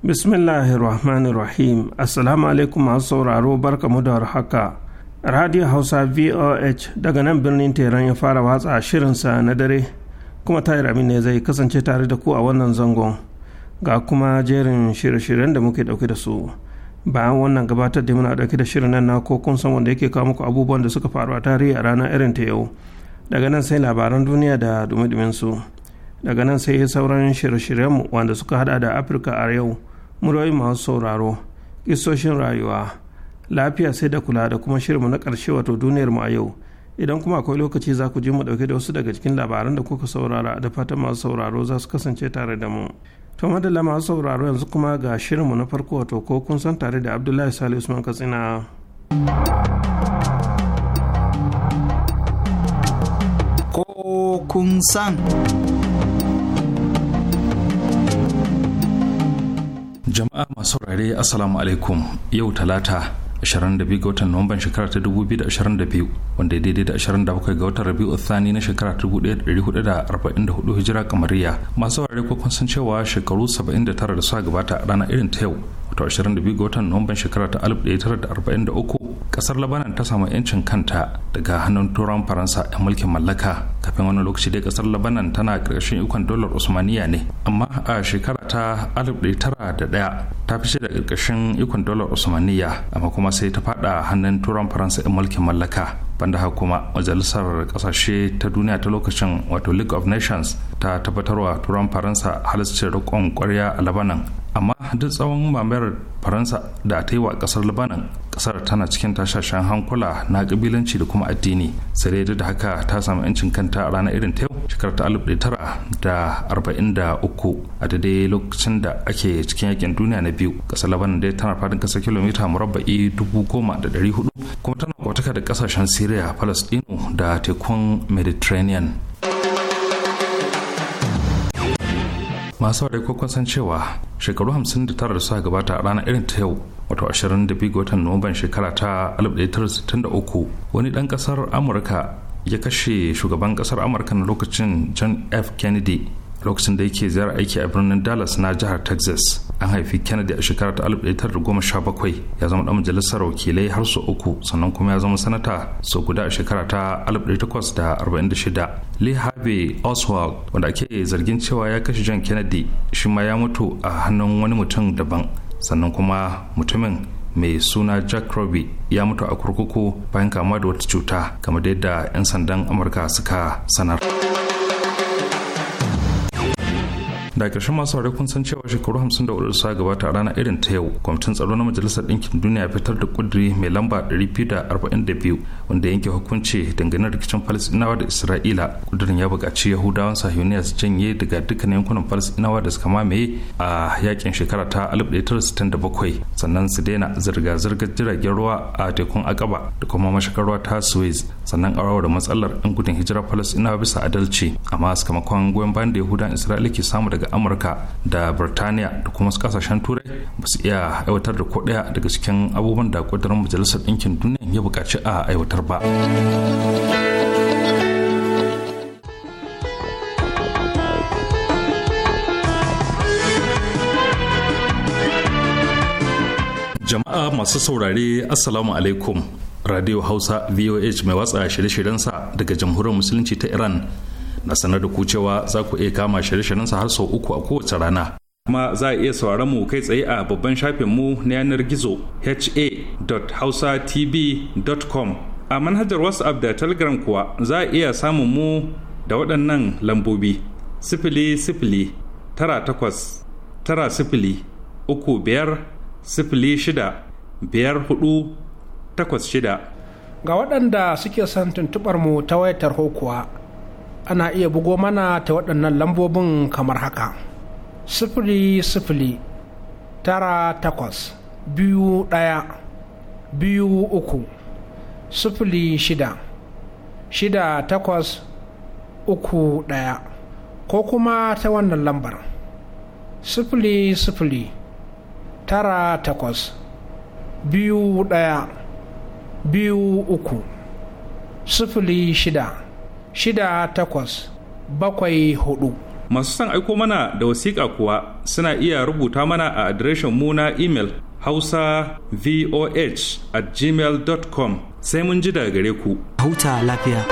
bismillahirrahmanirrahim assalamu alaikum masu sauraro barka mu da haka radio hausa voh daga nan birnin teran ya fara watsa shirinsa na dare kuma tayar ne zai kasance tare da ku a wannan zangon ga kuma jerin shirye-shiryen da muke dauke da su bayan wannan gabatar da muna dauke da shirin nan na ko kun san wanda yake kawo muku abubuwan da suka faru a tarihi a ranar irin ta yau daga nan sai labaran duniya da dumi su daga nan sai sauran shirye-shiryenmu wanda suka hada da afirka a yau muryoyi masu sauraro kisoshin rayuwa lafiya sai da kula da kuma shirinmu na ƙarshe wato duniyar mu a yau idan kuma akwai lokaci za ku ji mu ɗauke da wasu daga cikin labaran da kuka saurara da fata masu sauraro za su kasance tare da mu to madalla masu sauraro yanzu kuma ga shirinmu na farko wato ko kun san tare da abdullahi sali usman katsina ko kun san jama'a masu rare assalamu alaikum yau talata 22 ga watan nuwamban shekara ta 2022 wanda ya daidai da 27 ga watan rabi'u thani na shekara ta 1444 hijira kamariya masu rare ko san cewa shekaru 79 da suka gabata a ranar irin ta yau wato 22 ga watan nuwamban shekara ta 1943 kasar labanan ta samu 'yancin kanta daga hannun turan faransa 'yan mulkin mallaka kafin wani lokaci dai kasar labanan tana karkashin ikon dolar usmaniya ne amma a shekara ta 1901 ta fice da karkashin ikon dolar usmaniya amma kuma sai ta faɗa hannun turan faransa 'yan mulkin mallaka banda haka kuma majalisar kasashe ta duniya ta lokacin wato league of nations ta tabbatarwa turan faransa halascin rikon kwarya a labanan amma duk tsawon mamayar faransa da ta yi wa kasar labanan kasar tana cikin tashashen hankula na kabilanci da kuma addini sai dai da haka ta samu yancin kanta a ranar irin ta yau shekarar ta alif tara da arba'in da uku a daidai lokacin da ake cikin yakin duniya na biyu kasar labanan dai tana faɗin kasar kilomita murabba'i dubu goma da ɗari hudu kuma tana kwataka da kasashen syria palestino da tekun mediterranean masu wadai ko san cewa shekaru 59 da suka gabata a ranar irin ta yau wato 22 ga watan nuwamban shekara ta 1963 wani dan kasar amurka ya kashe shugaban kasar amurka na lokacin john f kennedy lokacin da yake ziyarar aiki a birnin dallas na jihar texas an haifi kennedy a shekarar ta 1917 ya zama dan majalisar wakilai har su uku sannan kuma ya zama sanata sau guda a shekara ta 1846 lee harvey oswald wanda ake zargin cewa ya kashe john kennedy shi ma ya mutu a hannun wani mutum daban sannan kuma mutumin mai suna jack robbie ya mutu a kurkuku bayan kama da wata cuta kamar yadda 'yan sandan amurka suka sanar. da ƙarshen masu saurari kun san cewa shekaru hamsin da suka gabata a ranar irin ta yau kwamitin tsaro na majalisar ɗinkin duniya fitar da kudiri mai lamba 242 wanda yanke hukunci dangane da rikicin falasɗinawa da isra'ila kudurin ya buƙaci yahudawan sahiyoniya su janye daga dukkanin yankunan falasɗinawa da suka mamaye a yakin shekara ta 1967 sannan su daina zirga-zirgar jiragen ruwa a tekun akaba da kuma mashakar ruwa ta suez sannan a da matsalar yan gudun hijirar falasɗinawa bisa adalci amma sakamakon goyon bayan da yahudawan isra'ila ke samu daga amurka da birtaniya da kuma su kasashen turai ba su iya aiwatar da ko daya daga cikin abubuwan da kudurin majalisar ɗinkin duniya ya buƙaci a aiwatar kasar jama'a masu saurare assalamu alaikum radio hausa voh mai watsa shirye-shiryensa daga jamhuriyar musulunci ta iran na sanar da ku cewa za ku iya kama shirye-shiryensa har sau uku a kowace rana kuma za a iya sauraron mu kai tsaye a babban shafin mu na yanar gizo ha.hausa.tv.com a manhajar whatsapp da telegram kuwa za a iya samun mu da waɗannan lambobi sifili sifili tara takwas tara sifili uku biyar sifili shida biyar hudu takwas shida ga waɗanda suke son tuntuɓar mu ta wayar tarho kuwa ana iya bugo mana ta waɗannan lambobin kamar haka sifili sifili tara takwas biyu ɗaya biyu uku sufuli shida shida takwas uku ɗaya ko kuma ta wannan lambar sufuli sufuli tara takwas biyu ɗaya biyu uku sufuli shida shida takwas bakwai hudu masu son aiko mana da wasiƙa kuwa suna iya rubuta mana a adireshin mu na imel hausa voh at gmail dot gmail.com sai mun ji daga gare ku. Hauta lafiya.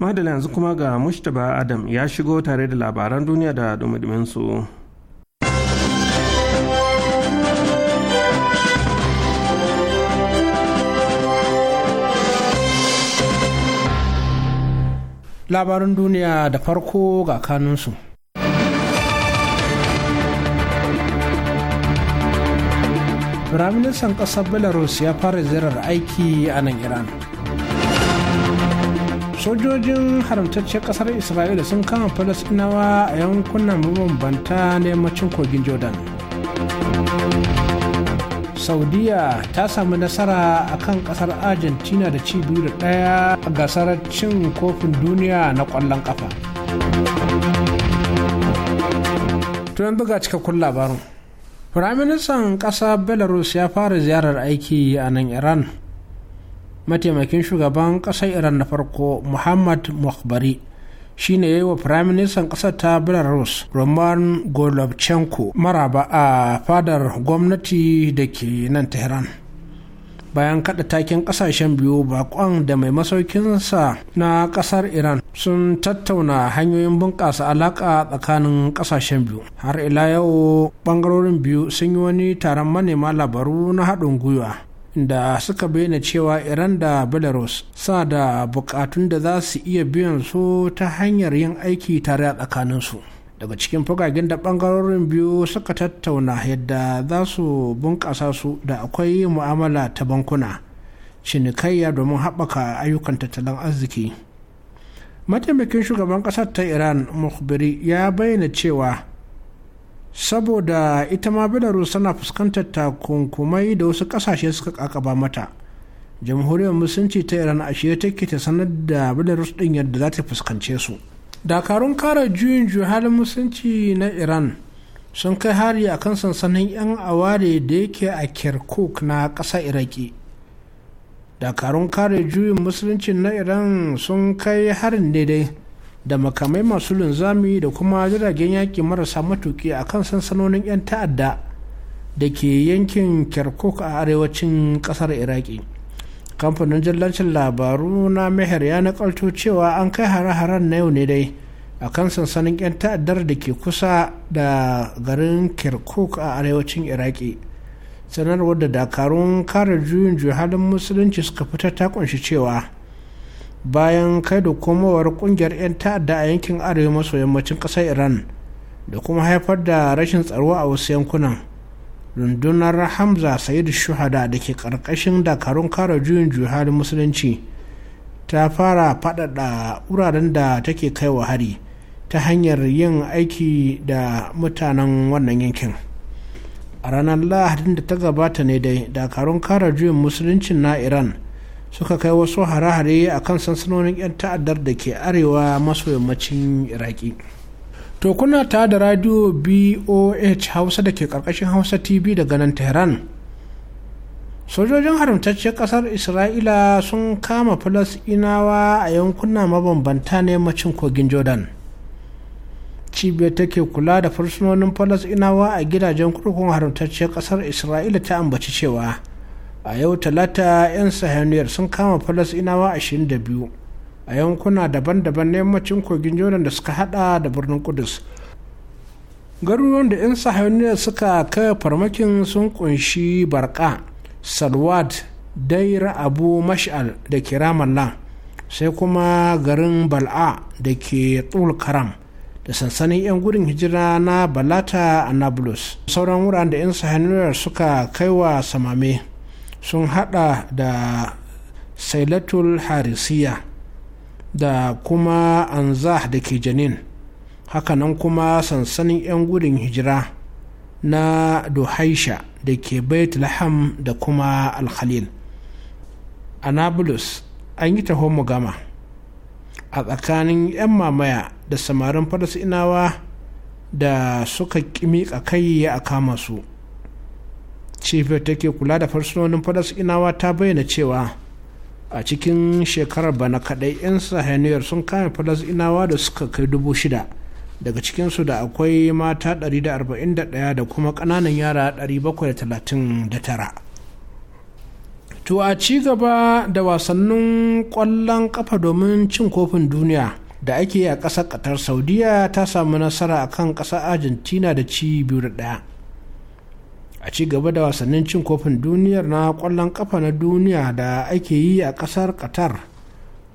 Madala yanzu kuma ga Mushtaba Adam ya shigo tare da labaran duniya da dumi su. labarin duniya da farko ga kanunsu. Firaministan ƙasar Belarus ya fara zirar aiki a nan Iran. Sojojin haramtaccen ƙasar Isra'ila sun kama Falasɗinawa a yankunan mabambanta na yammacin kogin Jordan. saudiya ta samu nasara a kan kasar argentina da ci biyu da ɗaya a gasar cin kofin duniya na kwallon kafa. tunan buga cikakkun labarin firaministan ƙasa belarus ya fara ziyarar aiki a nan iran mataimakin shugaban kasar iran na farko muhammad mukhbari shine ya yi wa firaministan ƙasar ta belarus roman golubchenko maraba a fadar gwamnati da ke nan tehran bayan kada takin kasashen biyu bakon da mai masaukinsa na kasar iran sun tattauna hanyoyin bunƙasa alaƙa tsakanin kasashen biyu har ila yau ɓangarorin biyu sun yi wani taron manema labaru na haɗin gwiwa da suka bayyana cewa iran da belarus sa da bukatun da za su iya biyan su ta hanyar yin aiki tare a tsakaninsu daga cikin fagagen da bangarorin biyu suka tattauna yadda za su bunkasa su da akwai mu'amala ta bankuna cinikayya domin haɓaka ayyukan tattalin arziki mataimakin shugaban ƙasar ta iran muhbiri ya bayyana cewa saboda ita ma belarus tana fuskantar takunkumai da wasu kasashe suka kakaba mata jamhuriyar musulunci ta iran a shirye take ta sanar da belarus din yadda za ta fuskance su dakarun kare juyin halin musulunci na iran sun kai hari a kan sansanin 'yan aware da yake a kirkuk na ƙasa iraki dakarun kare juyin musulunci na iran sun kai harin daidai da makamai masu linzami da kuma jiragen yaƙi marasa matuƙi a kan sansanonin 'yan ta'adda da ke yankin kirkuk a arewacin ƙasar iraki kamfanin jallancin labaru na meher ya nakalto cewa an kai hare-haren na yau ne dai a kan sansanin 'yan ta'addar da ke kusa da garin kirkuk a arewacin iraki sanarwar da dakarun kare juyin juhalin musulunci suka fitar ta kunshi cewa bayan kai da komowar kungiyar 'yan ta'adda a yankin arewa maso yammacin ƙasar iran da kuma haifar da rashin tsaro a wasu yankunan rundunar hamza sayid shuhada da ke ƙarƙashin dakarun kare juyin juhalin musulunci ta fara faɗaɗa wuraren da take kai wa hari ta hanyar yin aiki da mutanen wannan yankin a ranar lahadin da ta gabata ne dai dakarun kare juyin musulunci na iran suka kai wasu hare-hare a kan sansanonin 'yan ta'addar da ke arewa maso yammacin iraki to kuna ta da radio boh hausa da ke karkashin hausa tv daga nan tehran sojojin haramtacciyar kasar isra'ila sun kama falasinawa a yankuna mabambanta na yammacin kogin jordan cibiyar take kula da fursunonin falasinawa a gidajen kurkukun haramtacciyar kasar isra'ila ta ambaci cewa a yau talata 'yan sahaniyar sun kama falasinawa 22 a yankuna daban-daban na yammacin kogin jordan da suka hada da birnin kudus garuruwan da 'yan sahaniyar suka kai farmakin sun kunshi barka salwad daira abu mash'al da ke ramallah sai kuma garin bal'a da ke tul karam da sansanin 'yan gudun hijira na balata a nablus sauran wuraren da 'yan sahaniyar suka kaiwa samame sun hada da sailatul harisiya da kuma anzah da ke janin hakanan kuma sansanin 'yan gudun hijira na dohaisha da ke laham da kuma alkhalil anabulus an yi taho gama a tsakanin 'yan mamaya da samarin farasinawa da suka kimi kai ya kama su cibiyar take kula da fursunonin falasɗinawa ta bayyana cewa a cikin shekarar bana kaɗai 'yan sahaniyar sun kame falasɗinawa da suka kai dubu shida daga cikinsu da akwai mata 141 da kuma kananan yara 739 to a ci gaba da wasannin kwallon kafa domin cin kofin duniya da ake yi a ƙasar ƙatar saudiya ta samu nasara a kan ƙasar argentina da ci biyu da ɗaya a ci gaba da wasannin cin kofin duniyar na kwallon kafa na duniya da ake yi a kasar qatar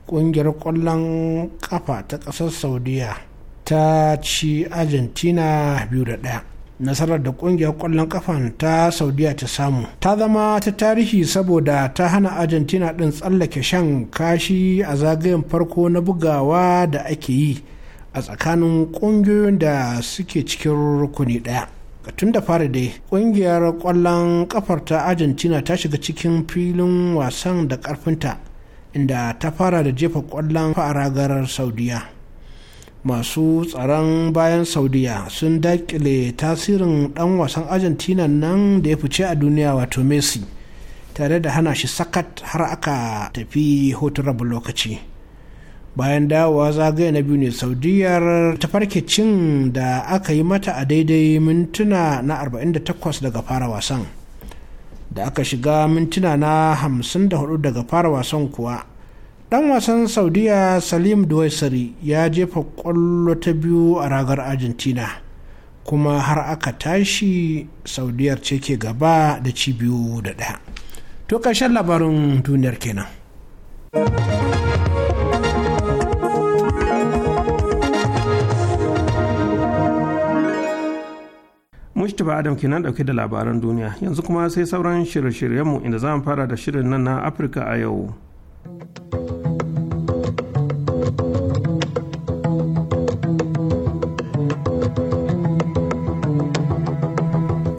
kungiyar kwallon kafa ta kasar saudiya ta ci argentina biyu da ɗaya nasarar da kungiyar kwallon kafan ta saudiya ta samu ta zama ta tarihi saboda ta hana argentina ɗin tsallake shan kashi a zagayen farko na bugawa da ake yi a tsakanin ƙungiyoyin da suke cikin rukuni ɗaya tun da fara dai kungiyar kwallon kafar ta argentina ta shiga cikin filin wasan da karfinta inda ta fara da jefa kwallon fa'aragar saudiya masu tsaron bayan saudiya sun dakile tasirin dan wasan argentina nan da ya fice a duniya wato messi tare da hana shi sakat har aka tafi hotunan lokaci bayan dawowa zagaye na biyu ne saudiyar ta farke cin da aka yi mata a daidai mintuna na 48 daga fara wasan da aka shiga mintuna na 54 daga fara wasan kuwa dan wasan saudiya salim duwaisari ya jefa kwallo ta biyu a ragar argentina kuma har aka tashi saudiyar ce ke gaba da ci biyu da ɗaya to karshen labarin duniyar kenan. Mustapha Adam kenan dauke da labaran duniya yanzu kuma sai sauran shirye-shiryenmu inda za mu fara da shirin nan na Afirka a yau.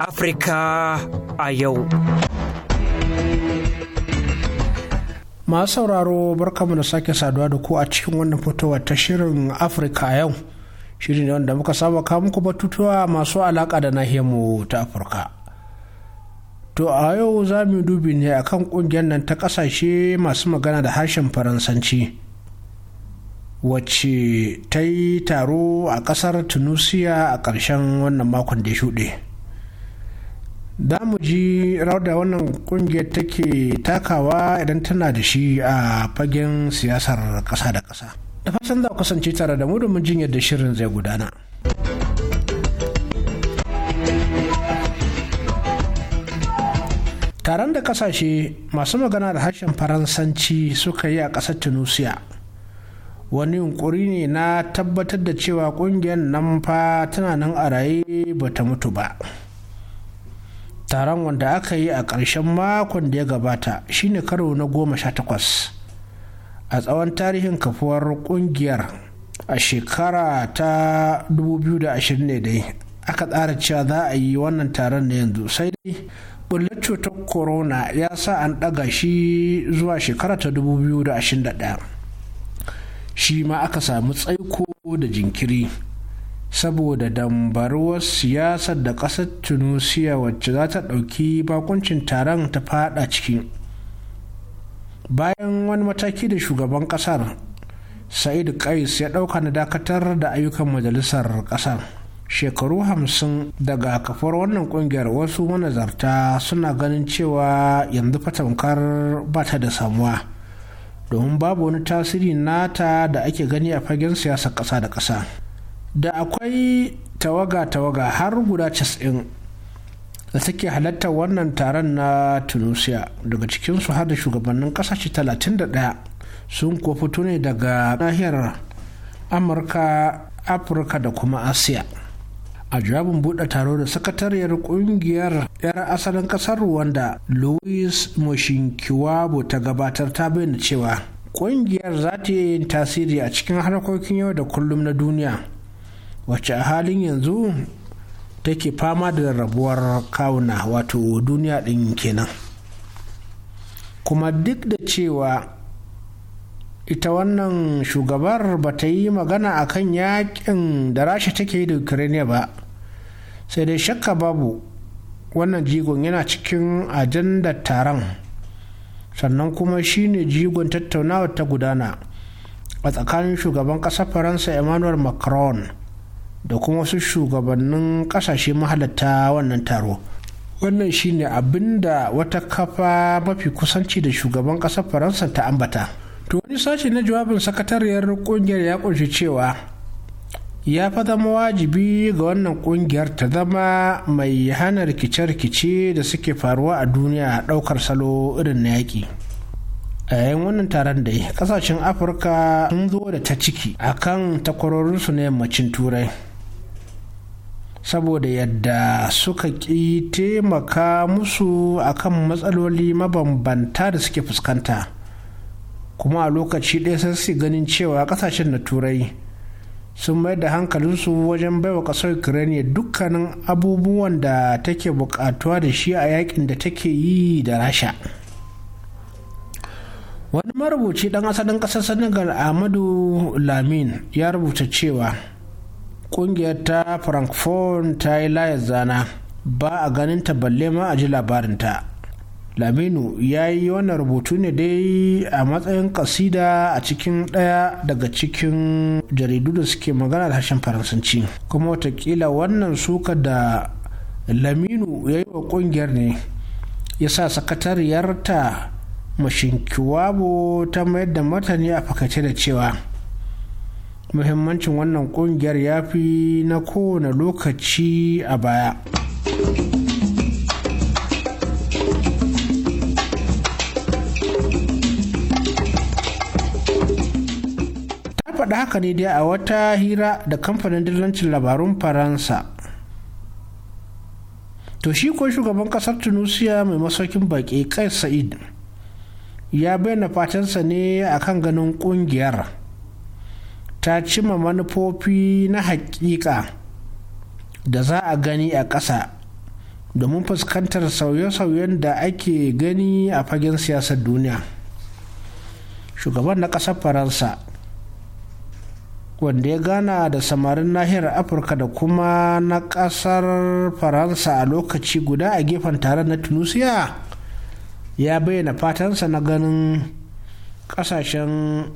Afirka a yau. Masu sauraro barkamu da sake saduwa da ku a cikin wannan fitowar ta shirin Afirka a yau. shiri ne wanda muka saba ka muku batutuwa masu alaƙa da nahiyarmu ta afirka to a yau za mu dubi ne kan ƙungiyar nan ta ƙasashe masu magana da harshen faransanci wacce ta yi taro a ƙasar tunisia a ƙarshen wannan makon da ya shuɗe za mu ji rawar da wannan ƙungiyar take takawa idan tana da shi a fagen siyasar ƙasa da ƙasa da fatan za ku kasance tare da mu domin jin yadda shirin zai gudana. taron da kasashe masu magana da harshen faransanci suka yi a ƙasar tunisia wani yunkuri ne na tabbatar da cewa ƙungiyar nan fa tana nan a raye ba ta mutu ba taron wanda aka yi a ƙarshen makon da ya gabata shine karo na goma sha takwas a tsawon tarihin kafuwar kungiyar a shekara ta 2020 ne dai aka tsara cewa za a yi wannan taron na yanzu sai dai bullar cutar corona ya sa an ɗaga shi zuwa shekara ta 2021 shi ma aka samu tsaiko da jinkiri saboda dambaruwar siyasar da ƙasar tunisia wacce za ta ɗauki bakuncin taron ta fada ciki bayan wani mataki da shugaban kasar sa'id kais ya ɗauka na dakatar da ayyukan majalisar kasar shekaru hamsin daga kafar wannan kungiyar wasu manazarta suna ganin cewa yanzu fatamkar ba ta da samuwa domin babu wani tasiri nata da ake gani a fagen siyasar ƙasa da ƙasa da akwai tawaga-tawaga har guda da suke halartar wannan taron na tunisia daga cikinsu har da shugabannin kasashe 31 sun kuwa fito ne daga nahiyar amurka afirka da kuma asiya a jawabin buɗe taro da sakatariyar ƙungiyar 'yar asalin ƙasar rwanda louis moshinkiwabo ta gabatar ta bayyana cewa ƙungiyar za ta yi tasiri a cikin harkokin yau da kullum na duniya wacce a halin yanzu take fama da rabuwar kawuna wato duniya ɗin kenan kuma duk da cewa ita wannan shugabar ba ta yi magana a kan yakin da rasha take yi da ukraine ba sai dai shakka babu wannan jigon yana cikin ajandar taron sannan kuma shine jigon tattaunawa ta gudana a tsakanin shugaban ƙasar faransa emmanuel macron da kuma wasu shugabannin kasashe mahalatta wannan taro wannan shine abin da wata kafa mafi kusanci da shugaban ƙasar faransa ta ambata to wani sashi na jawabin sakatariyar kungiyar ya kunshi cewa ya fa zama wajibi ga wannan kungiyar ta zama mai hana rikice-rikice da suke faruwa a duniya ɗaukar salo irin na yaƙi a yayin wannan taron da kasashen afirka sun zo da ta ciki akan takwarorinsu na yammacin turai saboda yadda suka ƙi taimaka musu akan matsaloli mabambanta da suke fuskanta kuma a lokaci ɗaya sun su ganin cewa ƙasashen na turai sun mai da hankalinsu wajen baiwa ƙasar ukraine dukkanin abubuwan da take buƙatuwa da shi a yakin da take yi da rasha wani marubuci ɗan asalin ƙasar senegal ahmadu lamin ya rubuta cewa kungiyar ta francophone ta yi layar zana ba a ganin ta balle ma a ji labarinta laminu ya yi wannan rubutu ne dai a matsayin kasida a cikin ɗaya daga cikin jaridu da suke magana da harshen faransanci kuma watakila wannan suka da laminu ya yi wa kungiyar ne ya sa sakatariyarta mashinkiwabo ta mayar da martani a fakaice da cewa muhimmancin wannan kungiyar ya fi na kowane lokaci a baya ta faɗi haka ne dai a wata hira da kamfanin dillancin labarun faransa to shi ko shugaban kasar tunisia mai masaukin baƙi kai sa'id ya bayyana fatansa ne akan ganin kungiyar ta cima manufofi na hakika da za a gani a ƙasa domin fuskantar sauye-sauyen da ake gani a fagen siyasar duniya shugaban na ƙasar faransa wanda ya gana da samarin nahiyar afirka da kuma na ƙasar faransa a lokaci guda a gefen tare na tunisia ya bayyana fatansa na ganin ƙasashen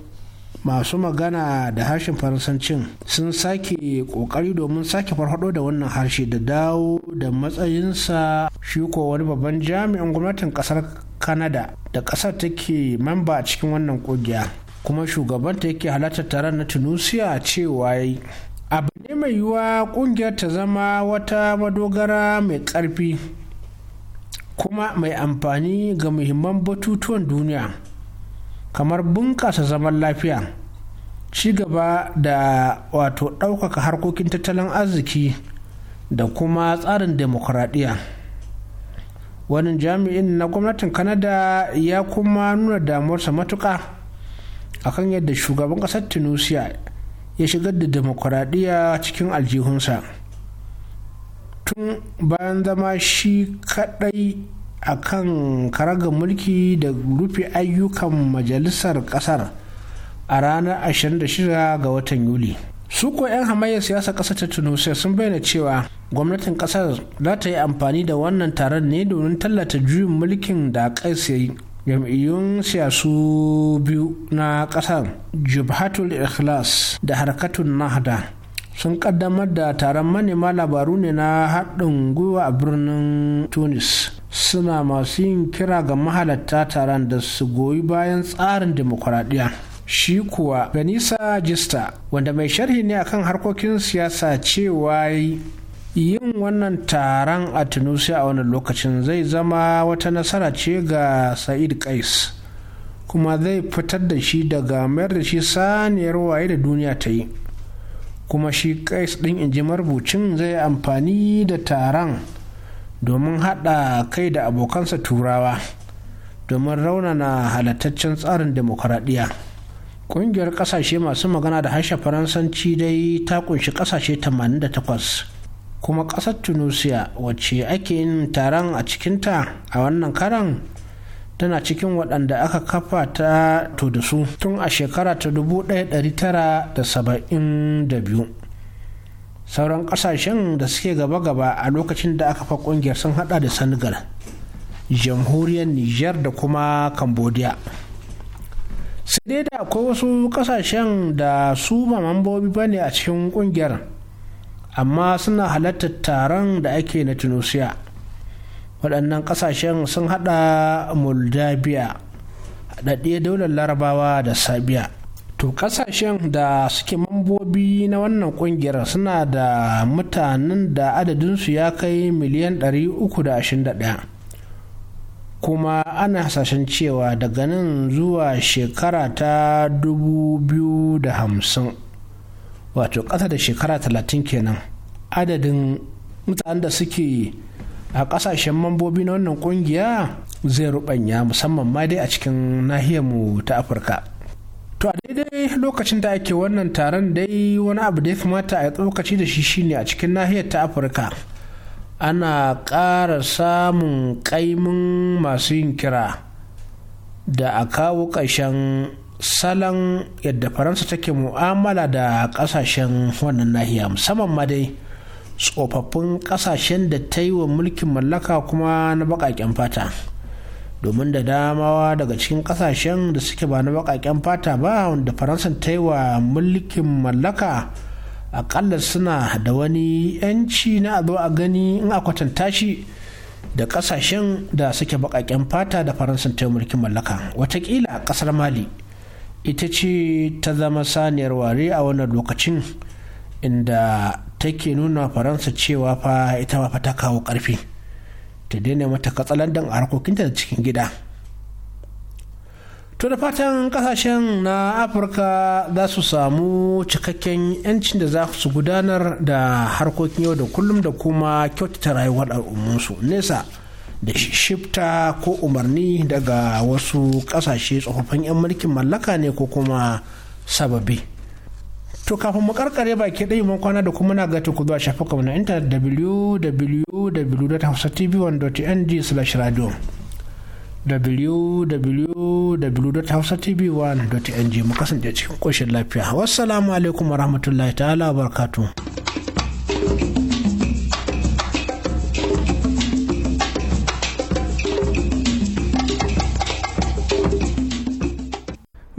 masu magana da harshen faransancin sun sake kokari domin sake farfado da wannan harshe da dawo da matsayinsa shi ko wani babban jami'in gwamnatin kasar Kanada, da kasar take mamba a cikin wannan kungiya kuma shugabanta yake halartar taron na tunisia cewa abu ne mai yiwuwa kungiyar ta zama wata madogara mai karfi kuma mai amfani ga muhimman batutuwan duniya kamar bunƙasa zaman lafiya ci gaba da wato ɗaukaka harkokin tattalin arziki da kuma tsarin demokuraɗiyya wani jami'in na gwamnatin kanada ya kuma nuna damuwarsa matuƙa akan yadda shugaban ƙasar tunisia ya shigar da demokuraɗiyya cikin aljihunsa tun bayan zama shi kaɗai a kan karagar mulki da rufe ayyukan majalisar kasar a ranar 26 ga watan yuli su ko 'yan hamayyar siyasa ƙasar ta tunisia sun bayyana cewa gwamnatin ƙasar za ta yi amfani da wannan taron ne domin tallata juyin mulkin da kais ya jam'iyyun siyasu biyu na ƙasar jubhatul ikhlas da harkatun nahda sun kaddamar da taron manema labaru ne na haɗin gwiwa a birnin tunis suna masu yin kira ga mahalatta taron da su goyi bayan tsarin demokuraɗiyya. shi kuwa benisa jista wanda mai sharhi ne akan harkokin siyasa cewa yin wannan taron a tunisia a wani lokacin zai zama wata nasara ce ga sa'id kais kuma zai fitar da shi daga mayar da shi saniyar waye da duniya ta yi kuma shi kais ɗin inji marubucin zai amfani da taron domin haɗa kai da abokansa turawa domin raunana halattaccen tsarin demokuraɗiyya ƙungiyar ƙasashe masu magana da harshe faransanci dai ta ƙunshi ƙasashe 88 kuma ƙasar tunisia wacce ake yin taron a cikinta a wannan karan tana cikin waɗanda aka kafa ta to da su tun a shekara ta 1972 sauran kasashen da suke gaba-gaba a lokacin da aka fa kungiyar sun hada da senegal jamhuriyar niger da kuma cambodia sai dai da akwai wasu kasashen da su ba mambobi ba ne a cikin kungiyar amma suna halartar taron da ake na tunisia waɗannan kasashen sun hada moldavia haɗaɗɗiyar daular larabawa da sabiya to kasashen da suke mambobi na wannan kungiyar suna da mutanen da adadinsu ya kai miliyan 321 kuma ana hasashen cewa daga nan zuwa shekara ta 2050 wato ƙasa da shekara 30 kenan adadin mutanen da suke a kasashen mambobi na wannan kungiya zai rubanya musamman ma dai a cikin nahiyarmu ta afirka to a daidai lokacin da ake wannan taron dai wani abu da ya kamata a tsokaci da shi shine a cikin nahiyar ta afirka ana ƙara samun ƙaimin masu yin kira da a kawo ƙarshen salon yadda faransa take mu'amala da ƙasashen wannan nahiya musamman ma dai tsofaffin ƙasashen da ta yi wa mulkin mallaka kuma na baƙaƙen fata. domin da damawa daga cikin kasashen da suke ba na baƙaƙen fata ba wanda faransa ta yi wa mulkin mallaka akalla suna da wani 'yanci na azo a gani in a kwatanta shi da kasashen da suke baƙaƙen fata da faransa ta yi mulkin mallaka watakila kasar mali ita ce ta zama saniyar ware a wannan lokacin inda take nuna faransa cewa fa ita ma fa ta kawo ƙarfi. ta daina mata katsalandan a harkokinta da cikin gida to da fatan kasashen na afirka za su samu cikakken 'yancin da za su gudanar da harkokin yau da kullum da kuma kyautata rayuwar al'ummunsu nesa da shifta ko umarni daga wasu kasashe tsofaffin 'yan mulkin mallaka ne ko kuma sababi. To kafin mu karkare baki ɗaya mun kwana da kuma na ga ku zuwa shafukan na intanet www.hausatv1.ng/radio www.hausatv1.ng mu kasance cikin koshin lafiya. Wassalamu alaikum warahmatullahi ta'ala barakatuh.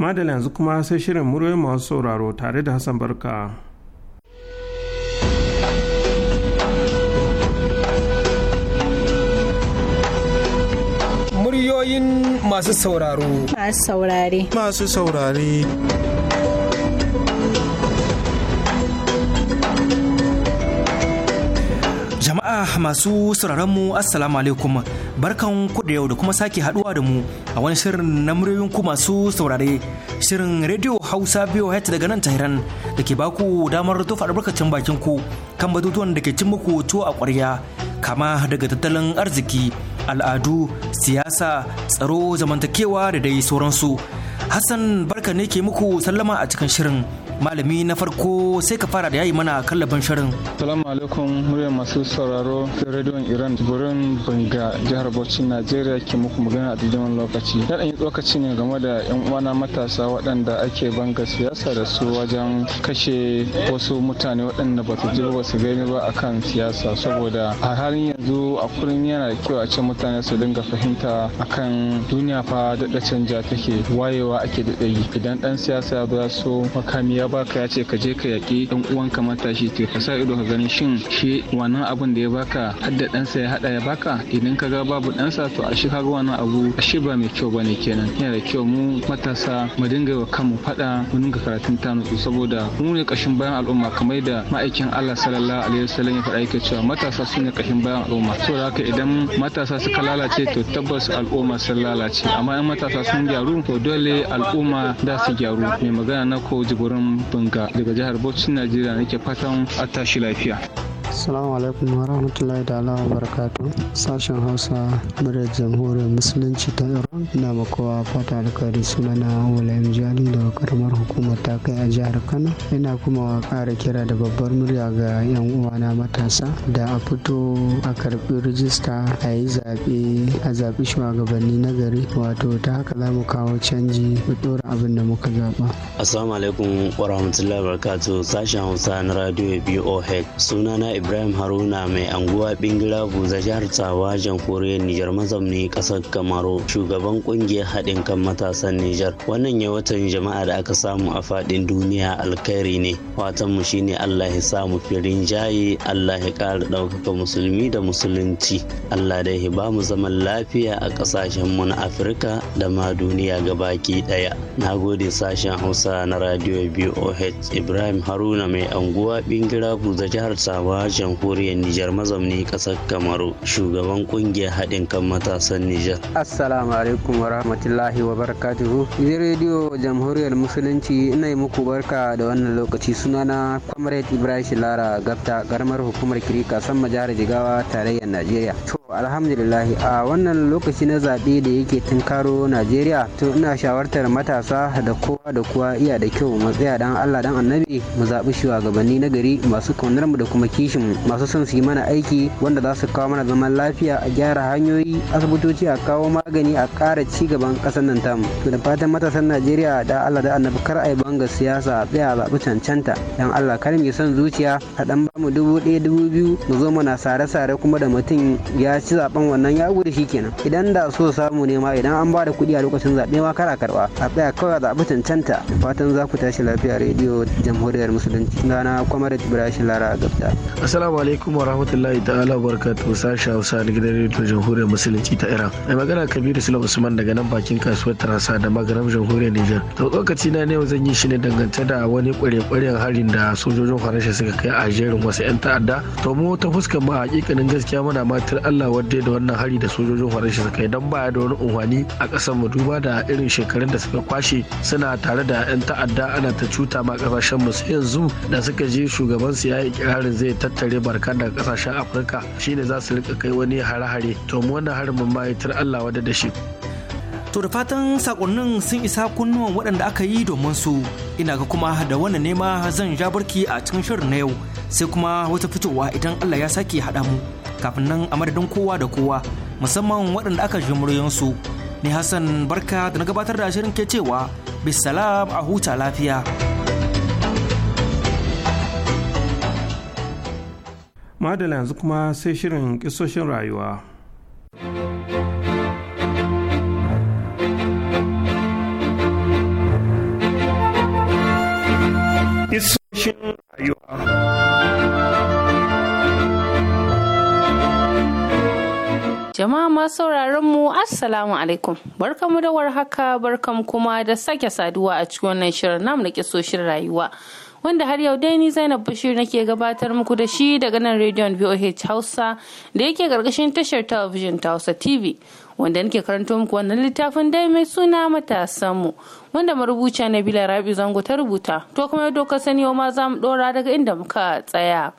madala yanzu kuma sai shirin muryoyin masu sauraro tare da hassan barka muryoyin masu sauraro masu saurare masu saurare jama'a masu sauraron mu assalamu alaikum barkan ku da yau da kuma sake haduwa da mu a wani shirin na muryoyin ku masu saurare shirin radio hausa biyu hat daga nan tahiran da ke baku damar tofa albarkacin bakin ku kan batutuwan da ke cin muku tuwo a kwarya kama daga tattalin arziki al'adu siyasa tsaro zamantakewa da dai sauransu hassan barka ne ke muku sallama a cikin shirin malami na farko sai ka fara da yayi mana kallabin shirin salamu alaikum muryar masu sauraro rediyon iran gurin banga jihar bauchi najeriya ke muku magana a lokaci Yadda yi tsokaci ne game da yan uwana matasa waɗanda ake banga siyasa da su wajen kashe wasu mutane waɗanda ba su ji ba su gani ba akan siyasa saboda a halin yanzu a kullum yana da kyau a ce mutane su dinga fahimta akan duniya fa daɗa canja take wayewa ake daɗa yi idan ɗan siyasa ya zo so makami ya baka ya ce ka je ka yaƙi ɗan uwanka matashi to ka sa ido ka gani shin shi wannan abin da ya baka hadda ɗansa ya haɗa ya baka idan ka ga babu ɗansa to a shi ka ga wannan abu a shi ba mai kyau ne kenan yana da kyau mu matasa mu dinga wa kanmu faɗa mu dinga karatun tanuku saboda mu ne ƙashin bayan al'umma kamar da ma'aikin Allah sallallahu alaihi wasallam ya faɗa yake cewa matasa su ne ƙashin bayan al'umma da haka idan matasa suka lalace to tabbas al'umma sun lalace amma in matasa sun gyaru to dole al'umma da su gyaru mai magana na ko ga daga jihar Bauchi Najeriya nake fatan a tashi lafiya. Assalamu alaikum wa rahmatullahi ta'ala wa barakatu. Sashen Hausa Birnin Jamhuriyar Musulunci ta Iran na makowa fata alkhairi na Wulayen Jali da karamar hukumar ta kai a jihar Kano. Ina kuma kara kira da babbar murya ga 'yan uwana matasa da a fito a karbi rijista a yi zaɓe a zaɓi shugabanni na gari wato ta haka za mu kawo canji mu ɗora abin da muka zaɓa. Assalamu alaikum wa rahmatullahi wa barakatu. Sashen Hausa na Radio BOH sunana ibrahim haruna mai anguwa bingila buza jihar tsawa jamhuriyar nijar mazamni kasar kamaru shugaban kungiyar haɗin kan matasan nijar wannan ya watan jama'a da aka samu a faɗin duniya alkhairi ne Watan mu shine allah ya samu firin jaye allah ya ƙara ɗaukaka musulmi da musulunci allah da ya ba mu zaman lafiya a mu na afirka da ma duniya gabaki ɗaya na gode sashen hausa na radio boh ibrahim haruna mai anguwa bingila buza jihar tsawa jamhuriyar Nijar mazauni kasar Kamaru shugaban kungiyar haɗin kan matasan Nijar. Assalamu alaikum wa rahmatullahi wa barakatuhu. Ni rediyo jamhuriyar musulunci ina yi muku barka da wannan lokaci sunana Comrade Ibrahim Lara Gafta karamar hukumar Kirika san jihar Jigawa tarayyar Najeriya. To alhamdulillah a wannan lokaci na zaɓe da yake tunkaro Najeriya to ina shawartar matasa da kowa da kowa iya da kyau matsaya dan Allah dan Annabi mu zaɓi shugabanni na gari masu kaunar mu da kuma kishin masu son su yi mana aiki wanda za su kawo mana zaman lafiya a gyara hanyoyi asibitoci a kawo magani a ƙara ci gaban ƙasar nan tamu to da fatan matasan najeriya da allah da annabi kar a yi banga siyasa a tsaya a zaɓi cancanta dan allah kar mu son zuciya a ɗan bamu dubu ɗaya dubu biyu mu zo mana sare-sare kuma da mutum ya ci zaɓen wannan ya gudu shi kenan idan da so samu ne ma idan an ba da kuɗi a lokacin zaɓe ma kar a karɓa a tsaya kawai a zaɓi cancanta fatan za ku tashi lafiya rediyo jamhuriyar musulunci sunana kwamar ibrahim lara gabda Assalamu alaikum wa rahmatullahi ta'ala wa barakatuhu sasha Hausa na gidan rediyo Jamhuriyar Musulunci ta Iran. Mai magana Kabiru Sulaiman Usman daga nan bakin kasuwar Tarasa da Magaram Jamhuriyar Nijar. To tsokaci na ne zan yi shi ne dangance da wani kware-kwaren harin da sojojin Faransa suka kai a jerin wasu 'yan ta'adda. To mu ta fuskar ma hakikanin gaskiya muna matar Allah wadda da wannan hari da sojojin Faransa suka kai don baya da wani unhwani a ƙasar mu duba da irin shekarun da suka kwashe suna tare da 'yan ta'adda ana ta cuta ma ƙasashen mu sai yanzu da suka je shugaban su ya kirarin zai tattara tattare barka daga kasashen afirka shine za su rika kai wani hare-hare to mu wannan harin mun allah wadda da shi To da fatan sakonnin sun isa kunnuwan waɗanda aka yi domin su ina ga kuma da wannan nema zan ja barki a cikin shirin na yau sai kuma wata fitowa idan Allah ya sake haɗa mu kafin nan a madadin kowa da kowa musamman waɗanda aka ji su ne Hassan barka da na gabatar da shirin ke cewa bisalam a huta lafiya. madala yanzu kuma sai shirin kisoshin rayuwa rayuwa Jama'a masu sauraron mu Assalamu alaikum. Barkamu da warhaka, barkamu kuma da sake saduwa a cikin wannan shirin namu na kisoshin rayuwa. wanda har yau dai ni Zainab Bashir nake gabatar muku da shi daga nan rediyon VOH Hausa da yake karkashin tashar talabijin ta Hausa TV wanda nake karanto muku wannan littafin dai mai suna matasan mu wanda marubuciya Nabila Rabi Zango ta rubuta to kuma yadda ka sani ma za mu dora daga inda muka tsaya.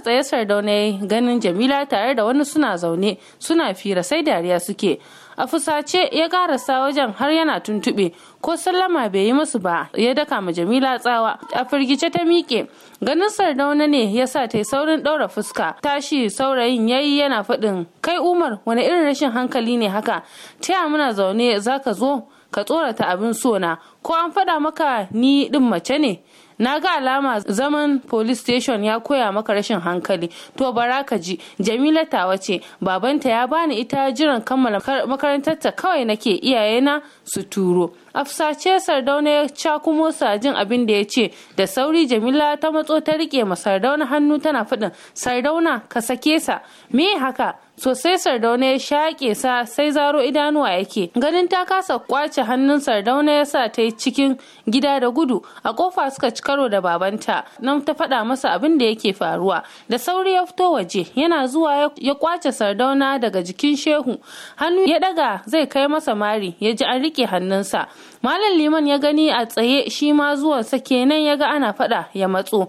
tsaye sardauna ya ganin jamila tare da wani suna zaune suna fira sai dariya suke a fusace ya karasa wajen har yana tuntuɓe ko sallama bai yi musu ba ya daka ma jamila tsawa a firgice ta miƙe ganin sardauna ne ya sa ta yi saurin ɗaura fuska tashi saurayin ya yi yana faɗin kai umar wani irin rashin hankali ne haka taya muna zaune za ka zo ka tsorata abin sona ko an faɗa maka ni ɗin mace ne na ga alama zaman police station ya koya maka rashin hankali to bara ka ji jamila tawa ce babanta ya bani ita jiran kammala makarantar ta kawai nake iyayena su turo Afsace sardauna ya cakumo sa jin abin da ya ce da sauri jamila ta matso ta rike ma sardauna hannu tana faɗin sardauna ka sake sa me haka sosai sardauna ya shaƙe sa sai zaro idanuwa yake ganin ta kasa kwace hannun sardauna ya sa ta yi cikin gida da gudu a kofa suka ci karo da babanta nan ta faɗa masa abin da yake faruwa da sauri ya fito waje yana zuwa ya kwace sardauna daga jikin shehu hannu ya daga zai kai masa mari ya ji an riƙe hannunsa malam liman ya gani a tsaye shi ma zuwansa kenan ya ga ana faɗa ya matso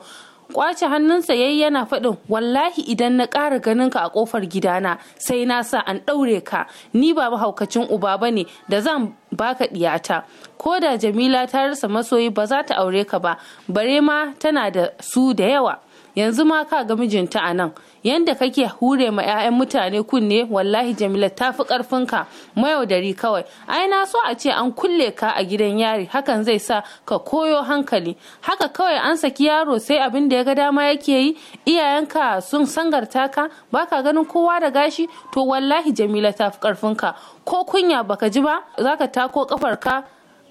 kwace hannunsa yayi yana faɗin wallahi idan na ƙara ganin ka a ƙofar gidana sai na sa an ɗaure ka ni ba haukacin uba ba ne da zan baka ɗiyata ko da jamila ta rasa masoyi ba za ta aure ka ba bare ma tana da su da yawa yanzu ma ka ga mijinta a nan yanda kake hure ma 'ya'yan mutane kunne wallahi jamila ta fi ƙarfinka, mayaudari kawai ai na so a ce an kulle ka a gidan yari hakan zai sa ka koyo hankali haka kawai an saki yaro sai abin da ya ga dama yake yi iyayenka sun sangarta ka Ba ka ganin kowa da gashi to wallahi jamila ta fi ƙarfinka, ko kunya baka ji ba Za ka tako ƙafarka?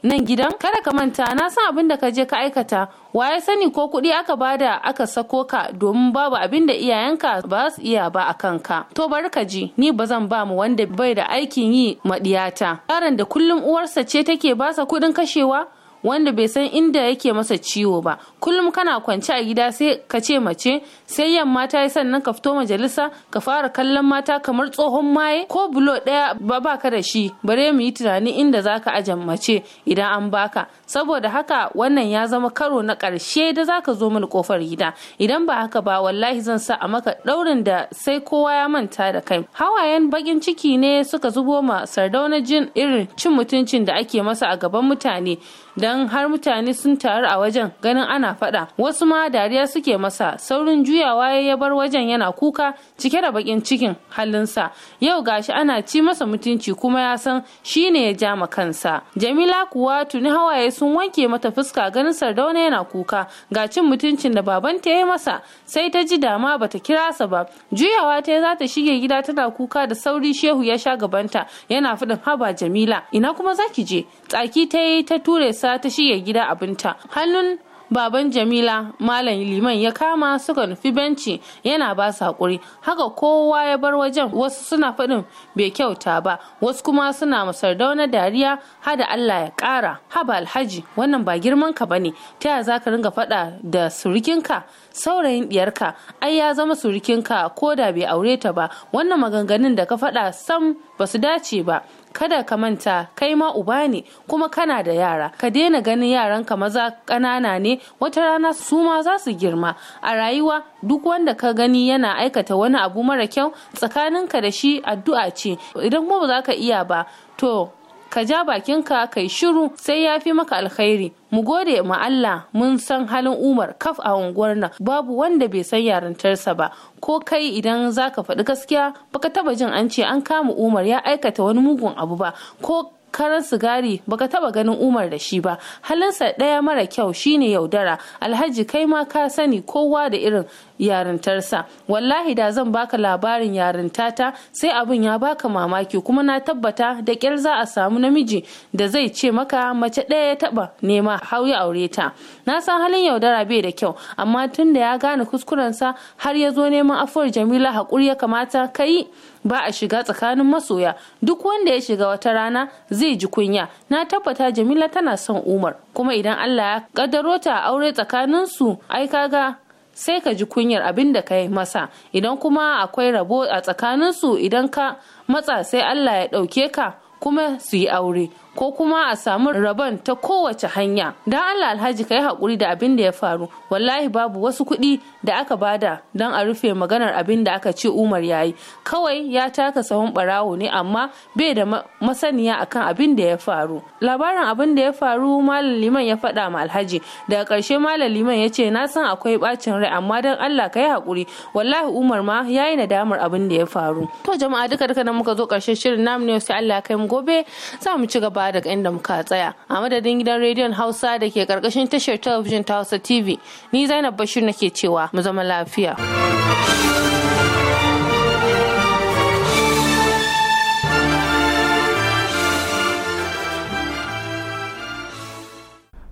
nan gidan kada ka manta na san abin da ka je ka aikata waye sani ko kuɗi aka bada aka sako ka domin babu abin da iyayenka ba su iya ba a kanka to bari ka ji ni ba zan ba mu wanda bai da aikin yi maɗiyata yaron da kullum uwarsa ce take basa kuɗin kashewa wanda bai san inda yake masa ciwo ba kullum kana kwance a gida sai ka ce mace sai yamma ta yi sannan ka fito majalisa ka fara kallon mata kamar tsohon maye ko bulo daya ba baka da shi bare mu yi tunani inda zaka aje mace idan an baka saboda haka wannan ya zama karo na karshe da zaka zo mini kofar gida idan ba haka ba wallahi zan sa a maka daurin da sai kowa ya manta da kai hawayen bakin ciki ne suka zubo ma sardauna jin irin cin mutuncin da ake masa a gaban mutane da idan har mutane sun taru a wajen ganin ana faɗa wasu ma dariya suke masa saurin juyawa ya bar wajen yana kuka cike da bakin cikin halinsa yau gashi ana ci masa mutunci kuma ya san shine ya ja ma kansa jamila kuwa tuni hawaye sun wanke mata fuska ganin sardauna yana kuka ga cin mutuncin da babanta ya yi masa sai ta ji dama bata kira sa ba juyawa ta za ta shige gida tana kuka da sauri shehu ya sha gabanta yana faɗin haba jamila ina kuma zaki je tsaki ta yi ta ture sa za ta shige gida abinta hannun baban jamila malam liman ya kama suka nufi benci yana ba su haƙuri haka kowa ya bar wajen wasu suna faɗin bai kyauta ba wasu kuma suna masardau na dariya hada allah ya ƙara haba alhaji wannan ba girman ka bane ta yaya zaka ringa faɗa da surukinka saurayin diyarka ai ya zama surukinka ko da bai aure ta ba wannan maganganun da ka faɗa sam ba su dace ba kada ka manta kai ma uba ne kuma kana da yara ka daina ganin yaranka maza ƙanana ne wata rana su ma za su girma a rayuwa duk wanda ka gani yana aikata wani abu mara kyau tsakaninka da shi addu'a ce idan kuma ba za ka iya ba to ka ja bakinka kai shiru sai ya fi maka alkhairi mu gode ma Allah mun san halin Umar kaf a unguwar nan babu wanda bai san yarintarsa ba ko kai idan zaka faɗi gaskiya baka taba jin an ce an kama Umar ya aikata wani mugun abu ba ko karar sigari baka taba ganin umar da shi ba halinsa ɗaya mara kyau shine yaudara alhaji kai ma ka sani kowa da irin yarintarsa wallahi da zan baka labarin yarintata sai abin ya baka mamaki kuma na tabbata da ƙyar za a samu namiji da zai ce maka mace ɗaya ya taba nema hau ya aure ta na san halin yaudara bai da kyau amma tunda ya gane kuskurensa har ya zo neman afuwar jamila haƙuri ya kamata ka yi ba a shiga tsakanin masoya duk wanda ya shiga wata rana zai ji kunya na tabbata jamila tana son umar kuma idan allah ya kaddaro ta aure tsakanin su ai kaga sai ka ji kunyar abin da ka yi masa idan kuma akwai rabo a tsakanin su idan ka matsa sai allah ya ɗauke ka kuma su yi aure ko kuma a samu rabon ta kowace hanya don allah alhaji ka yi haƙuri da abin da ya faru wallahi babu wasu kuɗi da aka bada don a rufe maganar abin da aka ce umar ya yi kawai ya taka sahun barawo ne amma bai da masaniya akan abin da ya faru labarin abin da ya faru malam liman ya faɗa ma alhaji daga ƙarshe malam liman ya ce na san akwai ɓacin rai amma don allah ka yi haƙuri wallahi umar ma ya yi nadamar abin da ya faru to jama'a duka duka nan muka zo ƙarshen shirin namu ne sai allah kai mu gobe za mu ci gaba daga inda muka tsaya a madadin gidan rediyon hausa da ke karkashin tashar talabijin ta hausa tv ni zainab bashir nake cewa mu zama lafiya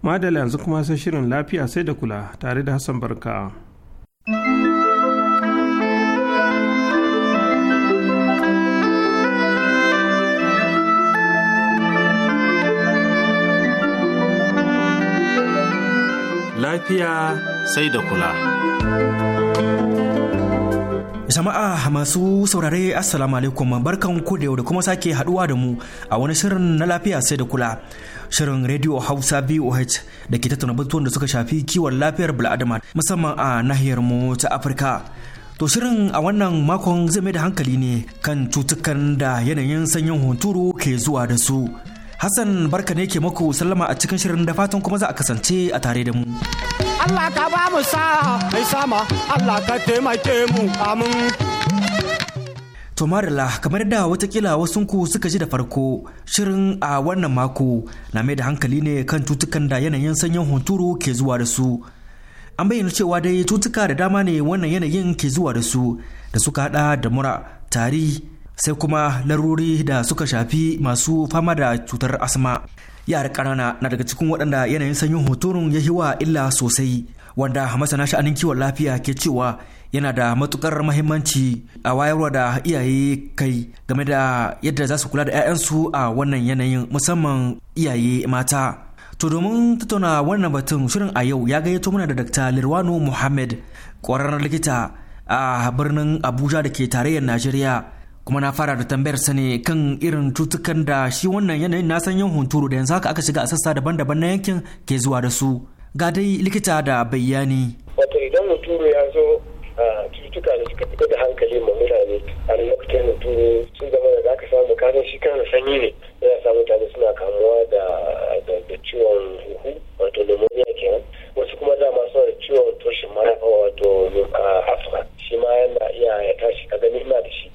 madala yanzu kuma sai shirin lafiya sai da kula tare da hassan barka. lafiya sai da kula. Jama'a masu saurare Assalamu alaikum barkan ku da yau da kuma sake haduwa da mu a wani shirin na lafiya sai da kula. Shirin Radio Hausa BOH da ke tattauna batutuwan da suka shafi kiwon lafiyar bil'adama musamman a nahiyar mu ta Afirka. To shirin a wannan makon zai mai da hankali ne kan cutukan da yanayin sanyin hunturu ke zuwa da su. Hassan barka ne ke muku sallama a cikin shirin da fatan kuma za a kasance a tare da mu. Allah ka ba mu sa'a mai sama Allah ka taimake mu amin. Tomarila kamar da watakila wasunku suka ji da farko shirin a wannan mako na mai da hankali ne kan cutukan da yanayin sanyin hunturu ke zuwa da su. An bayyana cewa dai tutuka da dama ne wannan yanayin ke zuwa da su da suka hada da mura, tari, sai kuma laruri da suka shafi masu fama da cutar asma yara ƙanana na daga cikin waɗanda yanayin sanyin hotunan ya yi wa illa sosai wanda masana sha'anin kiwon lafiya ke cewa yana da matukar mahimmanci a wayarwa da iyaye kai game da yadda za su kula da 'ya'yansu a wannan yanayin musamman iyaye mata to domin tattauna wannan batun shirin a yau ya gayyato mana da dr lirwano muhammad ƙwararren likita a birnin abuja da ke tarayyar najeriya kuma na fara da tambayar sani ne kan irin cutukan da shi wannan yanayin na san yin hunturu da yanzu haka aka shiga a sassa daban-daban na yankin ke zuwa da su ga dai likita da bayani wato idan hunturu ya zo cututtuka da suka fita da hankali ma mutane a lokacin hunturu sun zama da zaka samu kasan shi kan sanyi ne yana sa mutane suna kamuwa da da ciwon huhu wato pneumonia kenan wasu kuma dama suna da ciwon toshin mara wato afra shi ma yana iya ya tashi ka gani ina da shi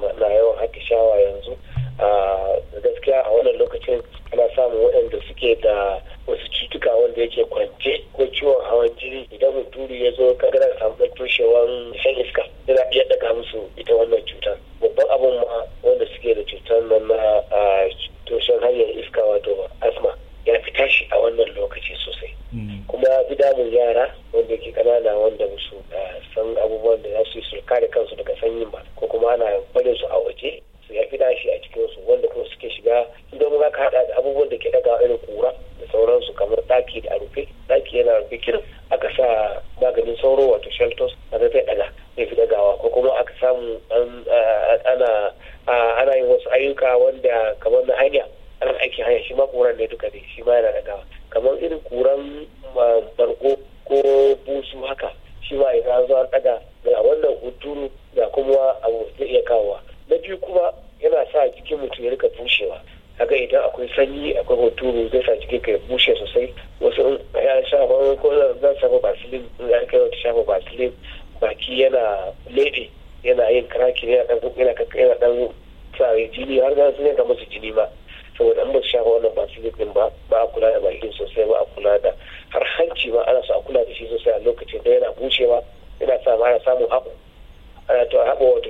na yawan shawa yanzu gaskiya a wannan lokacin ana samun waɗanda suke da wasu cutuka wanda yake kwance ko ciwon hawan jini idan mutum ya zo kagana samu toshewan shan iska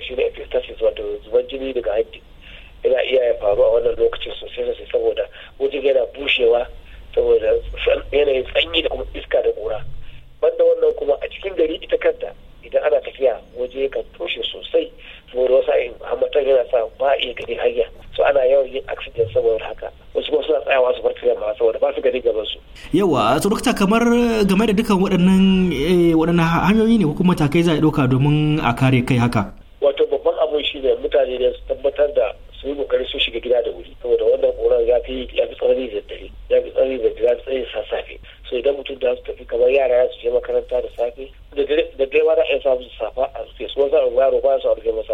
da shi na wato zuban jini daga hanji yana iya ya faru a wannan lokacin sosai sosai saboda wajen yana bushewa saboda yanayin tsanyi da kuma iska da kura banda wannan kuma a cikin gari ita kanta idan ana tafiya waje kan toshe sosai saboda wasu ayin hamatar yana sa ba a iya gani hanya so ana yawan yin accident saboda haka wasu kuma suna tsayawa su farka ba saboda ba su gani gaban su yawa dokta kamar eh, game da dukkan waɗannan eh, waɗannan hanyoyi ne ko kuma matakai za a ɗauka domin a kare kai haka da su tabbatar da su yi kokari su shiga gida da wuri saboda wannan koran ya fi ya fi tsanani da dare ya fi tsanani da ya fi tsanani sassafe so idan mutum da su tafi kamar yara su je makaranta da safe da dare ma da ayyuka su safa a rufe su wasu abu su a rufe masa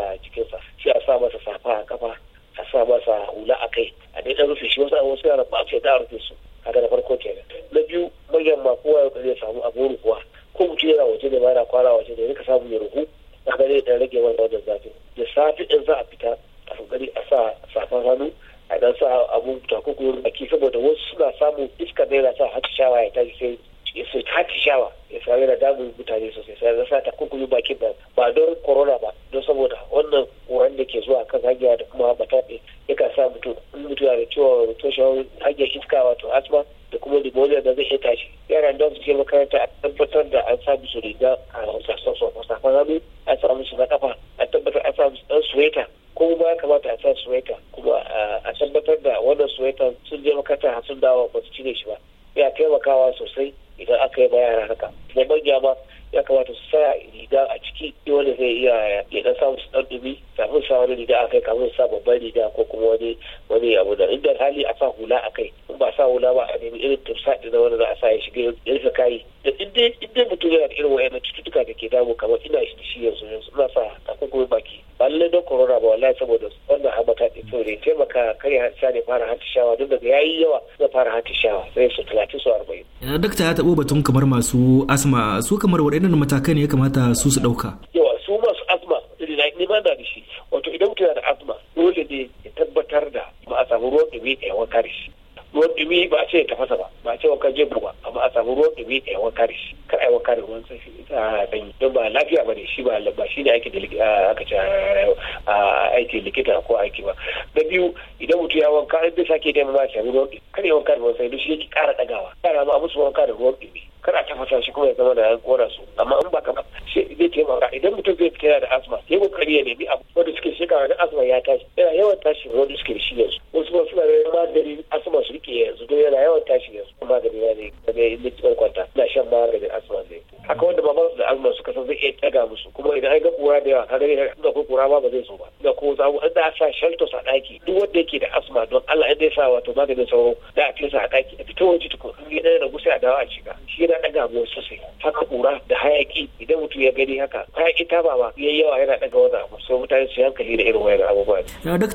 zai abu da inda hali a sa hula a kai in ba sa hula ba a nemi irin tufsa da wanda za a sa ya shiga ya rufe kayi da idan mutum yana da irin na cututtuka da ke damu kamar ina shi yanzu yanzu ina sa takunkumin baki ba lallai don corona ba wallahi saboda wannan hamata ɗin saboda ya taimaka kar ya sa ne fara shawa duk daga yayi yawa zai fara shawa sai su talatin su arba'in. dakta ya taɓo batun kamar masu asma su kamar waɗannan matakai ne ya kamata su su ɗauka.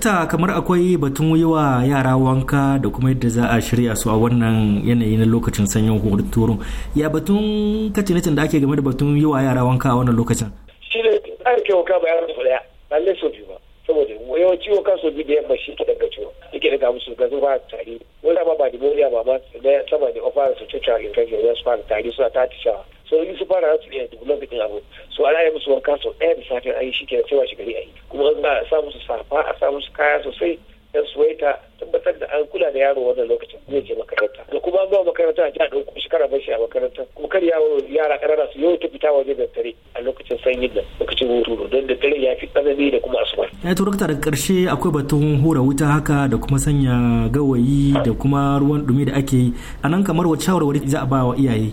Dokta kamar akwai batun wiwa yara wanka da kuma yadda za a shirya su a wannan yanayi na lokacin sanyin hunturun ya batun kacinacin da ake game da batun yiwa yara wanka a wannan lokacin ya dubu lokacin abu so ana yi musu wanka sau ɗaya da safe a yi shi da cewa shi gari a yi kuma an ba a sa musu safa a sa musu kaya sosai yan suwaita tabbatar da an kula da yaro wannan lokacin zai je makaranta da kuma ba makaranta a ji a ɗauko shi kara bashi a makaranta kuma kar yawo yara ƙanana su yau ta fita waje da dare a lokacin sanyi da lokacin hunturu don da dare ya fi tsanani da kuma asuba. ya turo da ƙarshe akwai batun hura wuta haka da kuma sanya gawayi da kuma ruwan ɗumi da ake yi a nan kamar wacce shawarwari za a ba wa iyaye.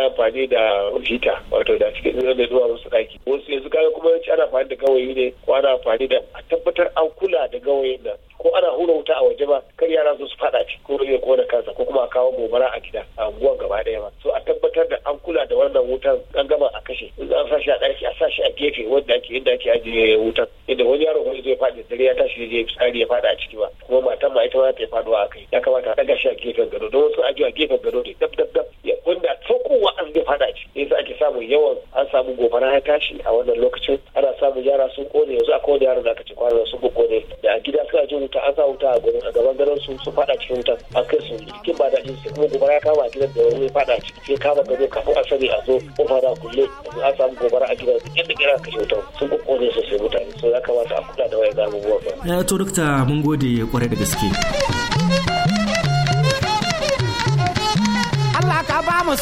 ana amfani da hita wato da cikin zai da zuwa wasu ɗaki wasu yanzu kaga kuma yanci ana amfani da gawayi ne ko ana amfani da a tabbatar an kula da gawayin nan ko ana hura wuta a waje ba kar yara su faɗa ci ko ya kona kansa ko kuma a kawo gobara a gida a unguwan gaba ɗaya ba so a tabbatar da an kula da wannan wutan an gama a kashe an sa a ɗaki a sa shi a gefe wanda ake inda ake ajiye wutan inda wani yaro wani zai faɗi dare ya tashi je fitsari ya faɗa a ciki ba kuma matan ma ita ma ta faɗuwa a kai ya kamata a ɗaga shi a gefen gado don wasu ajiye a gefen gado ne dab dab dab wanda kowa an zai fada shi yasa ake samun yawan an samu gobara ya tashi a wannan lokacin ana samun yara sun kone yanzu akwai wani yaran da aka da su sun kone da a gida suna jin wuta an sa wuta a gurin a gaban garin su su fada cikin wuta an kai su cikin ba daɗin su kuma gobara ya kama a gidan da wani ya fada ciki sai kama gado kafin a sani a zo kofa da kulle yanzu an samu gobara a gidan yadda kira ka wutan sun kone sosai mutane so ya kamata a kula da wayan buwa ba. Eh, to dokta mun gode kwarai da gaske. haka ba mu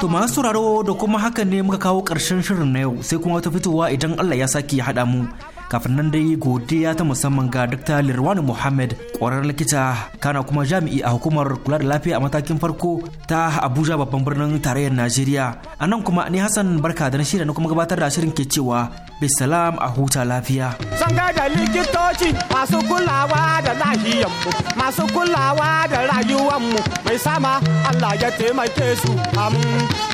To masu sauraro da kuma hakan ne muka kawo ƙarshen shirin na yau sai kuma wata fitowa idan Allah ya sake ya haɗa mu. kafin nan dai godiya ta musamman ga Dr. lirwan Muhammad ƙwararren likita kana kuma jami'i a hukumar kula da lafiya a matakin farko ta Abuja babban birnin tarayyar Najeriya. A nan kuma ni Hassan barka da shirya na kuma gabatar da shirin ke cewa bisalam a huta lafiya. Zan da likitoci masu kulawa da lahiyanmu masu kulawa da rayuwanmu mai sama Allah ya taimake su amin.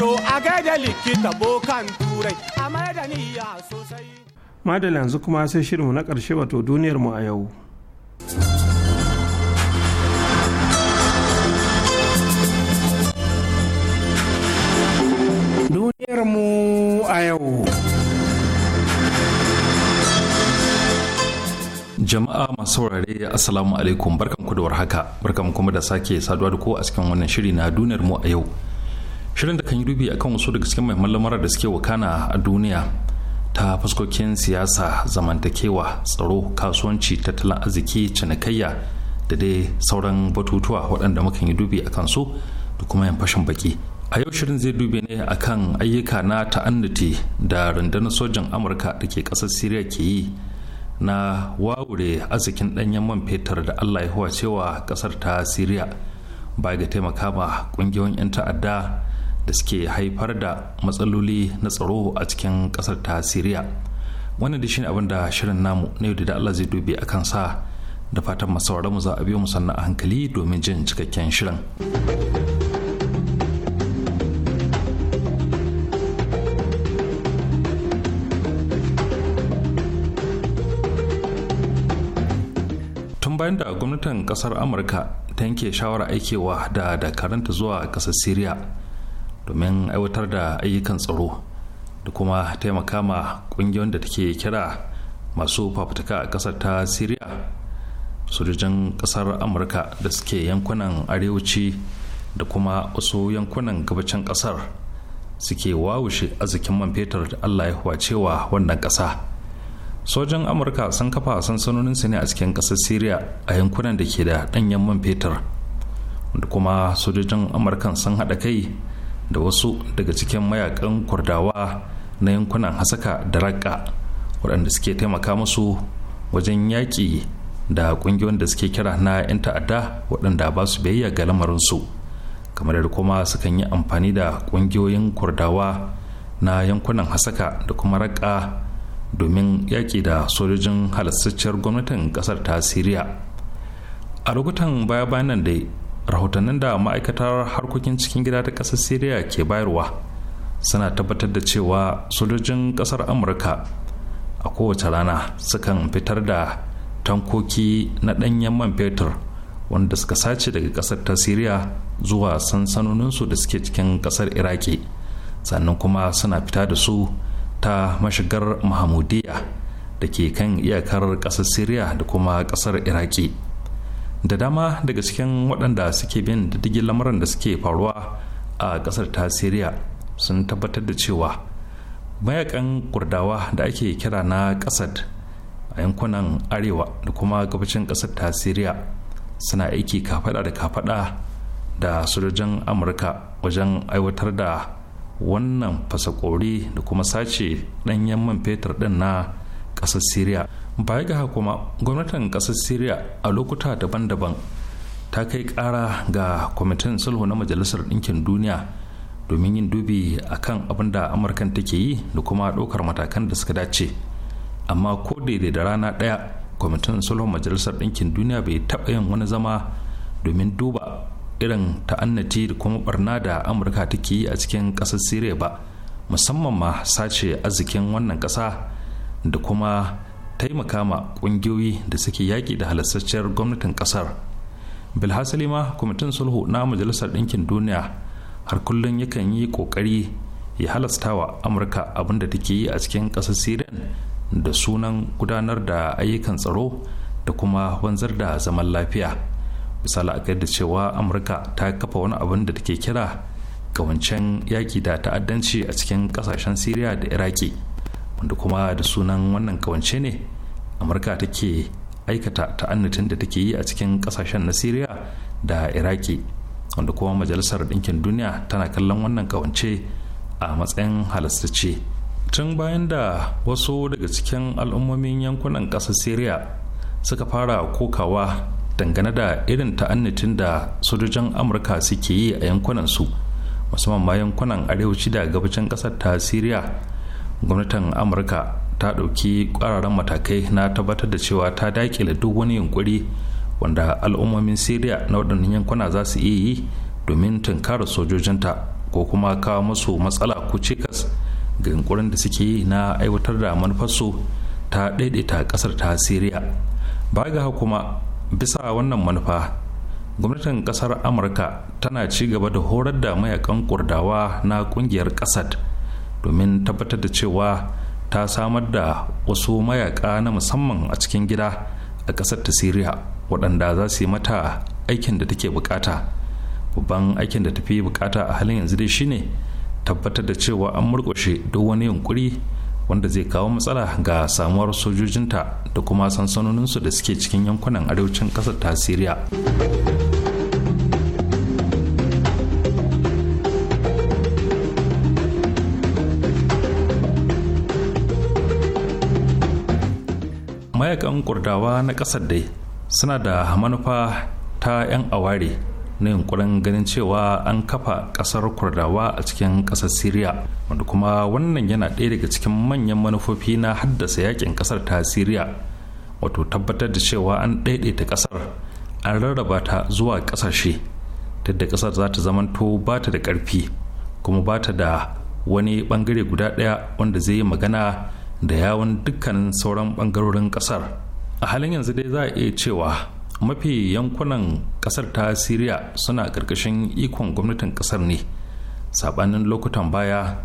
To a gaida likita bokan turai a da sosai. Madalla yanzu kuma sai shirinmu na ƙarshe wato duniyarmu a yau. Duniyarmu a yau. Jama'a masu saurare Assalamu alaikum barkanku da warhaka barkanku kuma da sake saduwa da ku a cikin wannan shiri na duniyarmu a yau. shirin da kan yi dubi akan wasu daga cikin muhimman lamura da suke wakana a duniya ta fuskokin siyasa zamantakewa tsaro kasuwanci tattalin arziki cinikayya da dai sauran batutuwa waɗanda mukan yi dubi akan su da kuma yin fashin baki a yau shirin zai dubi ne akan ayyuka na ta'annati da rundunar sojan amurka da ke ƙasar siriya ke yi na wawure arzikin ɗanyen man fetur da allah ya cewa ƙasar ta siriya ba ga taimaka ba ƙungiyoyin 'yan ta'adda da suke haifar da matsaloli na tsaro a cikin kasar ta siriya wannan da shi abin da shirin namu na yau da allah zai dubi a kansa da fatan masauraran mu za a biyo mu sannan a hankali domin jin cikakken shirin bayan da gwamnatin kasar amurka ta yanke shawarar aikewa da dakaranta zuwa kasar siriya domin aiwatar da ayyukan tsaro da kuma taimaka ma ƙungiyoyin da take kira masu fafutuka a ƙasar ta syria sojojin ƙasar amurka da suke yankunan arewaci da kuma wasu yankunan gabacin ƙasar suke wawushe arzikin man fetur da allah ya cewa wannan ƙasa sojan amurka sun kafa su ne a cikin ƙasar syria a yankunan da ke da ɗanyen man fetur da kuma sojojin amurkan sun haɗa kai da wasu daga cikin mayakan kurdawa na yankunan hasaka da raƙa waɗanda suke taimaka musu wajen yaƙi da ƙungiyoyin da suke kira na 'yan ta'adda waɗanda ba su biyayya ga lamarinsu kamar da kuma sukan yi amfani da ƙungiyoyin kurdawa na yankunan hasaka da kuma raƙa domin yaƙi da sojojin halastacciyar gwamnatin ƙasar ta siriya a lokutan baya-bayan nan dai rahotannin da ma'aikatar harkokin cikin gida ta ƙasar syria ke bayarwa suna tabbatar da cewa sojojin ƙasar amurka a kowace rana sukan fitar da tankoki na ɗanyen man fetur wanda suka sace daga ƙasar ta syria zuwa sansanoninsu da suke cikin ƙasar iraki sannan kuma suna fita da su ta mashigar mahamudiya da ke kan iyakar ƙasar syria da kuma ƙasar iraki da dama daga cikin waɗanda suke bin diddigin lamuran da suke faruwa a ƙasar ta siriya sun tabbatar da cewa mayakan kurdawa da ake kira na ƙasar a yankunan arewa da kuma gabacin ƙasar ta siriya suna aiki kafada da kafada da sojojin amurka wajen aiwatar da wannan fasakori da kuma sace ɗanyen man fetur ɗin na ƙasar siriya baya ga kuma gwamnatin ƙasar syria a lokuta daban-daban ta kai ƙara ga kwamitin sulhu na majalisar ɗinkin duniya domin yin dubi a kan abin da amurkan take yi da kuma ɗaukar matakan da suka dace amma ko daidai da rana ɗaya kwamitin sulhu majalisar ɗinkin duniya bai taɓa yin wani zama domin duba irin ta'annati da kuma barna da amurka take yi a cikin ƙasar siriya ba musamman ma sace arzikin wannan ƙasa da kuma taimaka ma kungiyoyi da suke yaƙi da halasasciyar gwamnatin ƙasar bilhassali ma kwamitin sulhu na majalisar ɗinkin duniya har kullum yakan yi ƙoƙari ya halasta wa amurka abin da take yi a cikin ƙasar siriyan da sunan gudanar da ayyukan tsaro da kuma wanzar da zaman lafiya misali a da cewa amurka ta kafa wani abin da take kira kawancen yaƙi da ta'addanci a cikin ƙasashen siriya da iraki wanda kuma da sunan wannan kawance ne amurka take aikata ta'annatin da take yi a cikin kasashen na syria da iraki wanda kuma majalisar ɗinkin duniya tana kallon wannan kawance a matsayin halastace tun bayan da wasu daga cikin al'ummomin yankunan ƙasar syria suka fara kokawa dangane da irin ta'annatin da sojojin amurka suke yi a yankunan su musamman ma yankunan arewaci da gabacin ƙasar ta syria gwamnatin amurka ta ɗauki ƙwararren matakai na tabbatar da cewa ta daƙile duk wani yunkuri wanda al'ummomin syria na waɗannan yankuna za su iya yi domin tunkara sojojinta ko kuma kawo musu matsala ko cikas ga yunkurin da suke yi na aiwatar da manufarsu ta daidaita ƙasar ta syria ba ga kuma bisa wannan manufa gwamnatin ƙasar amurka tana ci gaba da horar da mayakan kurdawa na ƙungiyar ƙasar domin tabbatar da cewa ta samar da wasu mayaka na musamman a cikin gida a ƙasar ta siriya waɗanda za su yi mata aikin da take bukata babban aikin da tafi bukata a halin yanzu dai shine tabbatar da cewa an murƙushe duk wani yunkuri wanda zai kawo matsala ga samuwar sojojinta da kuma sansanoninsu da suke cikin yankunan arewacin ƙasar ta siriya mayakan kurdawa na ƙasar dai suna da manufa ta 'yan aware na yunkurin ganin cewa an kafa ƙasar kurdawa a cikin ƙasar syria wanda kuma wannan yana ɗaya daga cikin manyan manufofi na haddasa yakin ƙasar ta syria wato tabbatar da cewa an ɗaiɗaita ƙasar an rarraba ta zuwa ƙasashe ta da ƙasar za ta zamanto ba ta da ƙarfi kuma ba ta da wani ɓangare guda ɗaya wanda zai yi magana da yawon dukkanin sauran bangarorin kasar a halin yanzu dai za a iya cewa mafi yankunan kasar ta siriya suna ƙarƙashin ikon gwamnatin kasar ne sabanin lokutan baya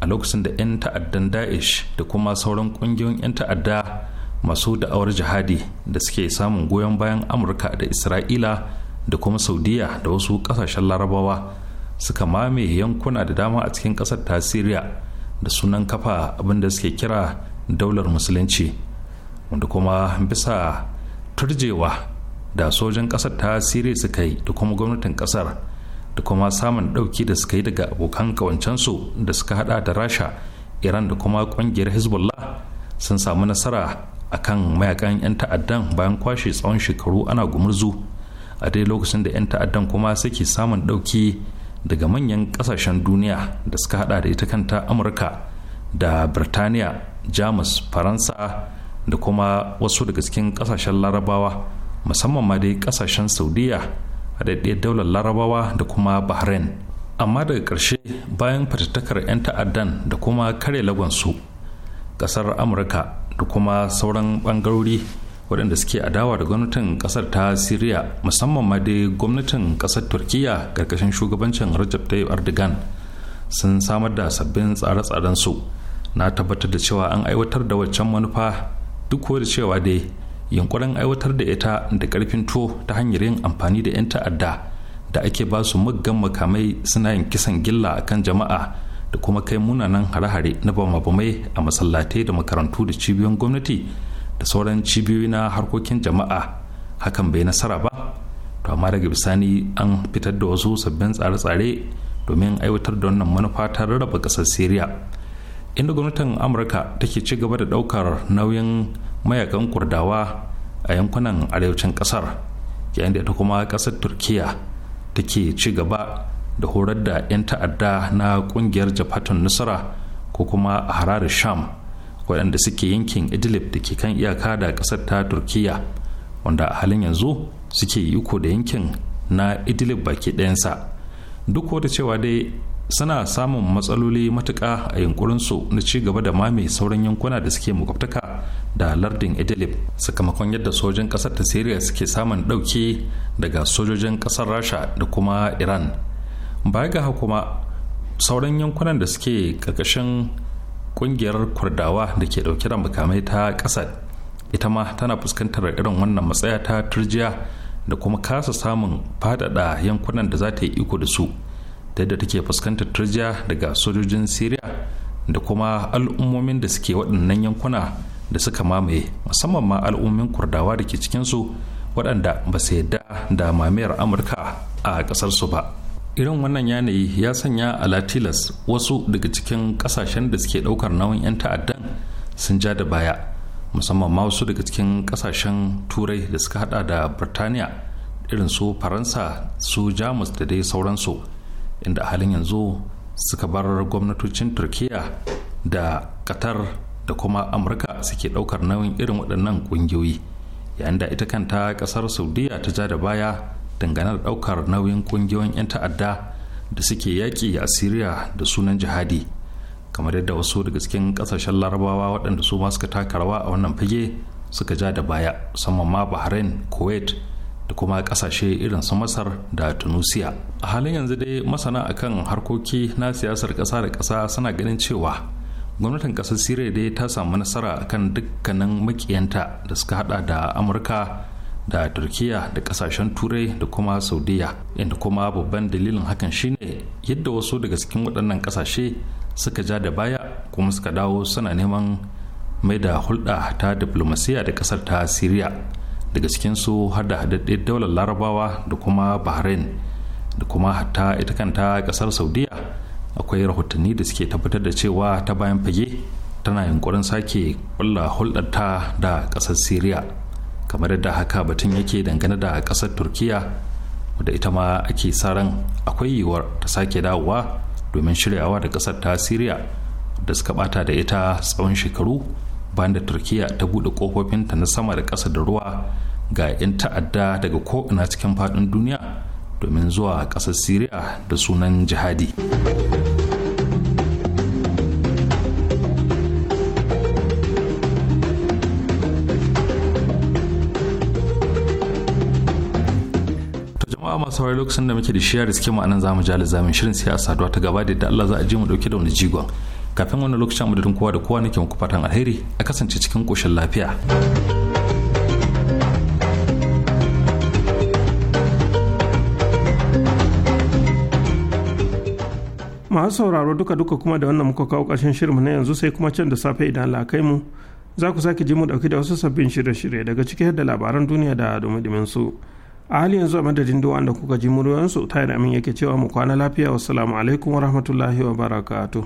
a lokacin da 'yan ta'addan daesh da kuma sauran ƙungiyoyin 'yan ta'adda masu da'awar jihadi da suke samun goyon bayan amurka da isra'ila da kuma saudiya da wasu ƙasashen larabawa suka mame yankuna da dama a cikin ƙasar ta siriya da sunan kafa abin suke kira daular musulunci wanda kuma bisa turjewa da sojan ƙasar ta sire suka yi da kuma gwamnatin ƙasar da kuma samun ɗauki da suka yi daga abokan kawancensu da suka hada da rasha iran da kuma ƙungiyar hezbollah sun samu nasara a kan mayakan 'yan ta'addan bayan kwashe tsawon shekaru ana gumurzu a dai lokacin da 'yan ta'addan kuma suke samun ɗauki daga manyan kasashen duniya da suka hada da ita kanta amurka da birtaniya jamus faransa da kuma wasu daga cikin kasashen larabawa musamman ma dai kasashen saudiya haɗaɗɗiyar daular larabawa da kuma bahrain amma daga ƙarshe bayan fatattakar 'yan ta'addan da kuma kare lagonsu ƙasar amurka da kuma sauran ɓangarori waɗanda suke adawa da gwamnatin ƙasar ta syria musamman ma dai gwamnatin ƙasar turkiya ƙarƙashin shugabancin rajab tayyip erdogan sun samar da sabbin tsare-tsaren su na tabbatar da cewa an aiwatar da waccan manufa duk da cewa dai yunkurin aiwatar da ita da karfin to ta hanyar yin amfani da 'yan ta'adda da ake ba su muggan makamai suna yin kisan gilla akan jama'a da kuma kai munanan hare-hare na bama-bamai a masallatai da makarantu da cibiyoyin gwamnati da sauran cibiyoyi na harkokin jama'a hakan bai nasara ba to amma daga bisani an fitar da wasu sabbin tsare-tsare domin aiwatar da wannan manufa ta rarraba ƙasar syria inda gwamnatin amurka take ci gaba da ɗaukar nauyin mayakan kurdawa a yankunan arewacin ƙasar yayin da ita kuma ƙasar turkiya take ci gaba da horar da 'yan ta'adda na ƙungiyar jafatun nusra ko kuma a harar sham waɗanda suke yankin idlib da ke kan iyaka da ƙasar ta turkiya wanda a halin yanzu suke yi iko da yankin na idlib baki ɗayansa duk wata cewa dai suna samun matsaloli matuƙa a yunkurinsu na ci gaba da mame sauran yankuna da suke makwabtaka da lardin idlib sakamakon yadda sojin ƙasar ta siriya suke samun ɗauke daga sojojin ƙasar rasha da kuma iran baya ga kuma sauran yankunan da suke ƙarƙashin kungiyar kurdawa da ke dauke da makamai ta kasar ita ma tana fuskantar irin wannan matsaya ta turjiya da kuma kasa samun fadada yankunan da za ta yi iko da su ta yadda take fuskantar turjiya daga sojojin syria da kuma al'ummomin da suke waɗannan yankuna da suka mamaye musamman ma al'ummin kurdawa da ke cikinsu waɗanda ba su yarda da mamayar amurka a ƙasarsu ba irin wannan yanayi ya sanya a latilas wasu daga cikin kasashen da suke daukar nauyin 'yan ta'addan sun ja da baya musamman ma wasu daga cikin kasashen turai da suka hada da birtaniya irin su faransa su jamus da dai sauransu inda a halin yanzu suka bar gwamnatocin turkiya da qatar da kuma amurka suke daukar nauyin irin waɗannan ƙungiyoyi yayin da ita kanta ƙasar saudiya ta ja da baya dangane da ɗaukar nauyin ƙungiyoyin 'yan ta'adda da suke yaƙi a siriya da sunan jihadi kamar yadda wasu daga cikin ƙasashen larabawa waɗanda su ma suka taka rawa a wannan fage suka ja da baya musamman ma bahrain kuwait da kuma ƙasashe irin su masar da tunisia a halin yanzu dai masana akan harkoki na siyasar ƙasa da ƙasa suna ganin cewa gwamnatin kasar siriya dai ta samu nasara akan dukkanin makiyanta da suka hada da amurka da turkiya da kasashen turai da kuma saudiya inda kuma babban dalilin hakan shine yadda wasu daga cikin waɗannan kasashe suka ja da baya kuma suka dawo suna neman mai da hulɗa ta diplomasiya da ƙasar ta siriya daga cikinsu har da haɗaɗɗen daular larabawa da kuma bahrain da kuma hatta ita kanta ƙasar saudiya akwai rahotanni da suke tabbatar da cewa ta bayan fage tana yunkurin sake kulla ta da ƙasar syria. kamar yadda haka batun yake dangane da ƙasar turkiya wadda ita ma ake sa ran akwai yiwuwar ta sake dawowa domin shiryawa da ƙasar ta siriya da suka bata da ita tsawon shekaru bayan da turkiya ta buɗe kofofinta na sama da ƙasa da ruwa ga 'yan ta'adda daga ko'ina cikin faɗin duniya domin zuwa ƙasar siriya da sunan jihadi. masu lokacin da muke da shi ya riske mu anan zamu jala zamin shirin sai a saduwa ta gaba da Allah za a ji mu dauke da wani jigon kafin wannan lokacin mu da kowa da kowa nake muku fatan alheri a kasance cikin koshin lafiya. masu sauraro duka-duka kuma da wannan muka kawo ƙarshen mu na yanzu sai kuma can da safe idan lakai mu za ku sake ji mu dauke da wasu sabbin shirye-shirye daga cikin da labaran duniya da dumi su a hali yanzu a madadin da wanda kuka ji muryoyinsu tayin amin yake cewa mu kwana lafiya wasalamu alaikum wa barakatu